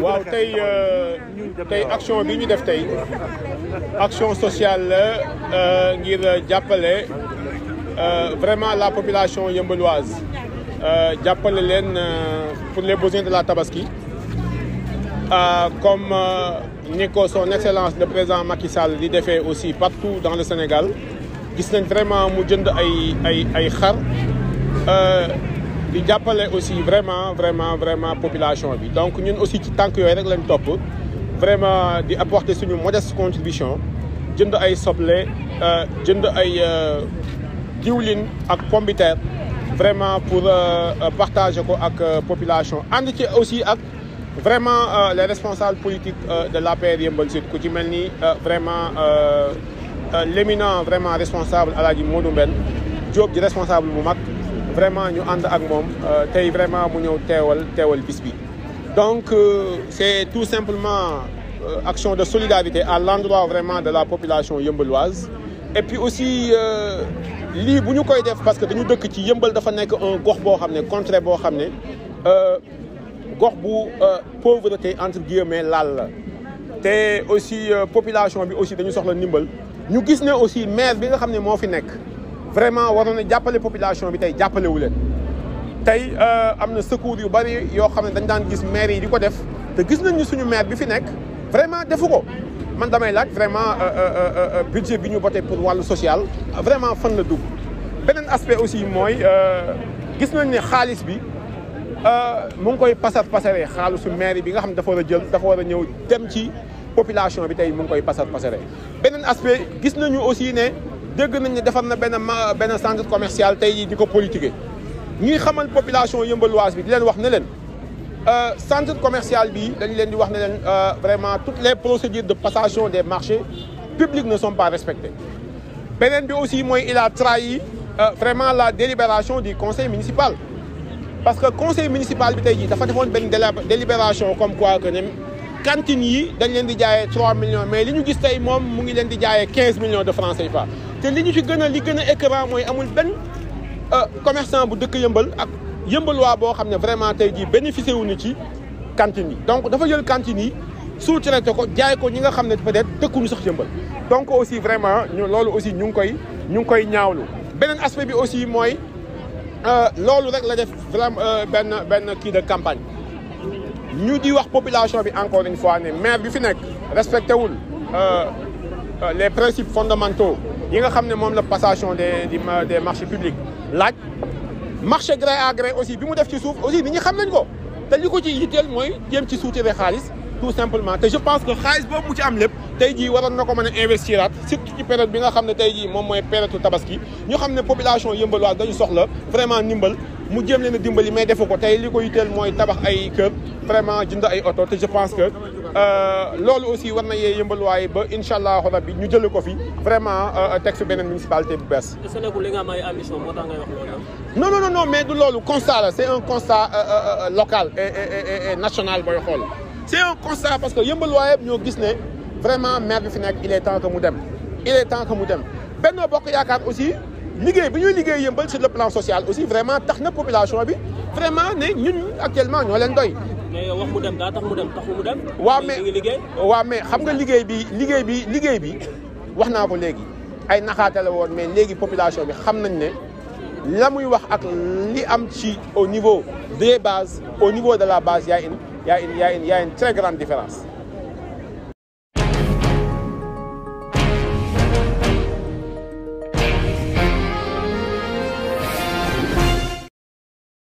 waaw tey euh, tey action bi ñu def tey action sociale la euh, ngir jàppale euh, vraiment la population yëmbaloise jàppale leen pour les besoins de la tabaski comme ni ko son excellence le président Macky Sall defee aussi partout dans le Sénégal gis nañ vraiment mu jënd ay ay ay xar. di jàppale aussi vraiment vraiment vraiment population bi donc ñun aussi ci tànk yooyu rek lañ topp vraiment di apporter suñu modeste contribution jënd ay soble euh, jënd ay euh, diwlin ak pombiteer vraiment pour euh, partager ko ak population ànd ci aussi ak vraiment les responsables politiques de l'APR Yeumbeul Sud ku ci mel ni vraiment l'éminent vraiment responsable Alaaji Modou Mbène Diop di responsable bu mag vraiment ñu ànd ak moom euh, tey vraiment mu ñëw teewal teewal bis bi donc euh, c'est tout simplement euh, action de solidarité à l'endroit vraiment de la population yëmbaloise et puis aussi lii bu ñu koy def parce que dañu dëkk ci yëmbal dafa nekk un gox boo xam ne contrée boo xam ne gox bu pauvreté entre guillemets laal la te aussi population bi aussi dañu soxla ndimbal ñu gis ne aussi maire bi nga xam ne moo fi nekk vraiment waroon na jàppale population bi tey jàppalewu leen tey euh, am na secours yu bari yoo xam ne dañ daan gis maire yi di ko def te gis nañ suñu maire bi fi nekk vraiment defu ko man damay laaj vraiment euh, euh, budget bi ñu voté pour wàllu social vraiment fan la dugg beneen aspect aussi mooy gis nañ ne xaalis bi mu ngi koy pasar pasaree xaalisu maire bi nga xam ne dafa war a jël dafa war a ñëw dem ci population bi tey mu ngi koy pasar pasaree beneen aspect gis nañu aussi ne dégg nañ ne defar na benn ma benn centre commercial tey di ko politiquer ñuy xamal population yëmbaluwaas bi di leen wax ne leen euh, centre commercial bi dañ leen di wax ne leen euh, vraiment toutes les procédures de passation des marchés publics ne sont pas respectées beneen bi aussi mooy il a trahi euh, vraiment la délibération du conseil municipal parce que conseil municipal bi tey jii dafa defoon benn délibération comme quoi a ne cantines yi dañ leen di jaayee 3 millions mais li ñu gis tey ngi leen di jaayee 15 millions de francs CFA te li ñu ci gën a li gën a écœurant mooy amul benn euh, commerçant bu dëkk yëmbal ak yëmbal waa boo xam ne vraiment tey jii bénéficié wuñu ci cantine yi donc dafa jël cantine yi sous-traité ko jaay ko ñi nga xam ne peut-être dëkkuñu sax yëmbal donc aussi vraiment ñu loolu aussi ñu ngi koy ñu ngi koy ñaawlu beneen aspect bi aussi mooy euh, loolu rek la def euh, benn benn kii de campagne ñu di wax population bi encore une fois ne maire bi fi nekk respecté wul les principes fondamentaux yi nga xam ne moom la passation des des marchés publics laaj marché gré à gré aussi bi mu def ci suuf aussi nit ñi xam nañ ko te li ko ci yitteel mooy jéem ci suutiree xaalis tout simplement te je pense que xaalis boobu mu ci am lépp tey jii waroon na ko mën a investiraat surtout ci période bi nga xam ne tey jii moom mooy période tabaski ñu xam ne population yëmbaluwaat dañu soxla vraiment ndimbal mu jéem leen a dimbali mais defu ko tey li ko yitteel mooy tabax ay kër vraiment ay oto te je pense que euh, loolu aussi war na yee yëmbaluwaay ba incha allahu rabbi ñu jëlee ko fi vraiment euh, teg fi beneen municipalité bu bees. te Sénégal li nga am ay ambition moo tax mais du loolu constat la c'est un constat euh, local et et c'est un constat parce que yëmbal waa yëpp ñoo gis ne vraiment maire bi fi nekk il e temps que mu dem il est temps que mu dem Benno Bokk Yaakaar aussi liggéey bi ñuy liggéey yëmbal si le plan social aussi vraiment tax na population bi vraiment ne ñun actuellement ñoo leen doy. mais wax mu dem daa tax mu dem taxu mu dem. waaw mais waaw mais xam nga liggéey bi liggéey bi liggéey bi wax naa ko léegi ay naxaatale woon mais léegi population bi xam nañ ne. la muy wax ak li am ci au niveau des bases au niveau de la base yaa in y a une a une différence